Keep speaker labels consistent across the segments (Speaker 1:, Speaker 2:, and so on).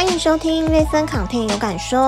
Speaker 1: 歡迎收聽《ListenContent 有感說》，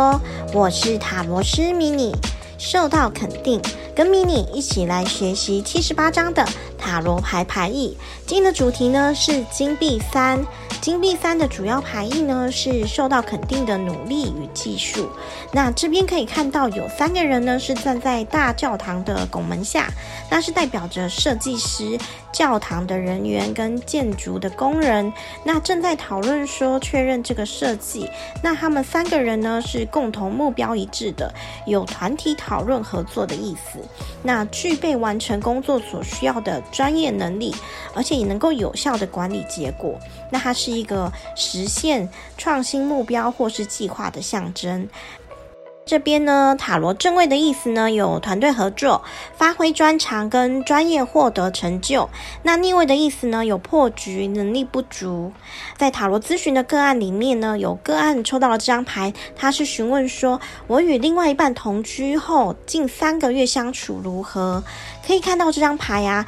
Speaker 1: 我是塔羅師迷你，受到肯定，跟迷你一起來學習七十八張的。塔羅牌牌意，今天的主題呢是金幣三。金幣三的主要牌意呢是受到肯定的努力與技術。那這邊可以看到有三個人呢是站在大教堂的拱門下，那是代表着設計師、教堂的人員跟建築的工人，那正在討論說確認這個設計。那他們三個人呢是共同目標一致的，有團體討論合作的意思。那具備完成工作所需要的。專業能力，而且也能夠有效的管理結果。那它是一個實現創新目標或是計劃的象徵。這邊呢，塔羅正位的意思呢，有團隊合作、發揮專長跟專業獲得成就。那逆位的意思呢，有破局、能力不足。在塔羅諮詢的個案裡面呢，有個案抽到了這張牌，他是詢問說：我與另外一半同居後近三個月相處如何？可以看到這張牌啊。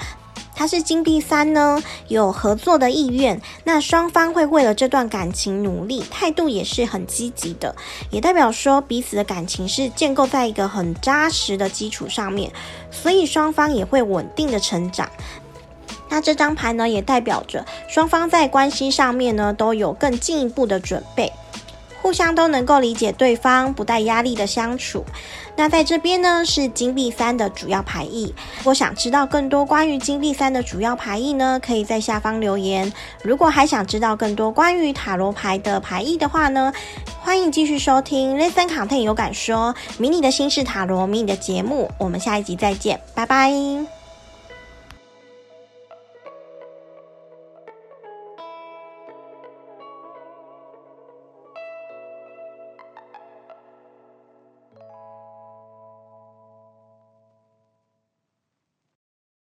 Speaker 1: 他是金幣三呢，有合作的意願，那雙方會為了這段感情努力，態度也是很積極的，也代表說彼此的感情是建構在一個很紮實的基礎上面，所以雙方也會穩定的成長。那這張牌呢，也代表着雙方在關係上面呢，都有更進一步的準備。互相都能夠理解對方，不帶壓力的相處。那在這邊呢，是金幣三的主要牌意。如果想知道更多關於金幣三的主要牌意呢，可以在下方留言。如果還想知道更多關於塔羅牌的牌意的話呢，歡迎繼續收聽《Listen Content 有感說迷你的心事塔羅》迷你的節目。我們下一集再見，拜拜。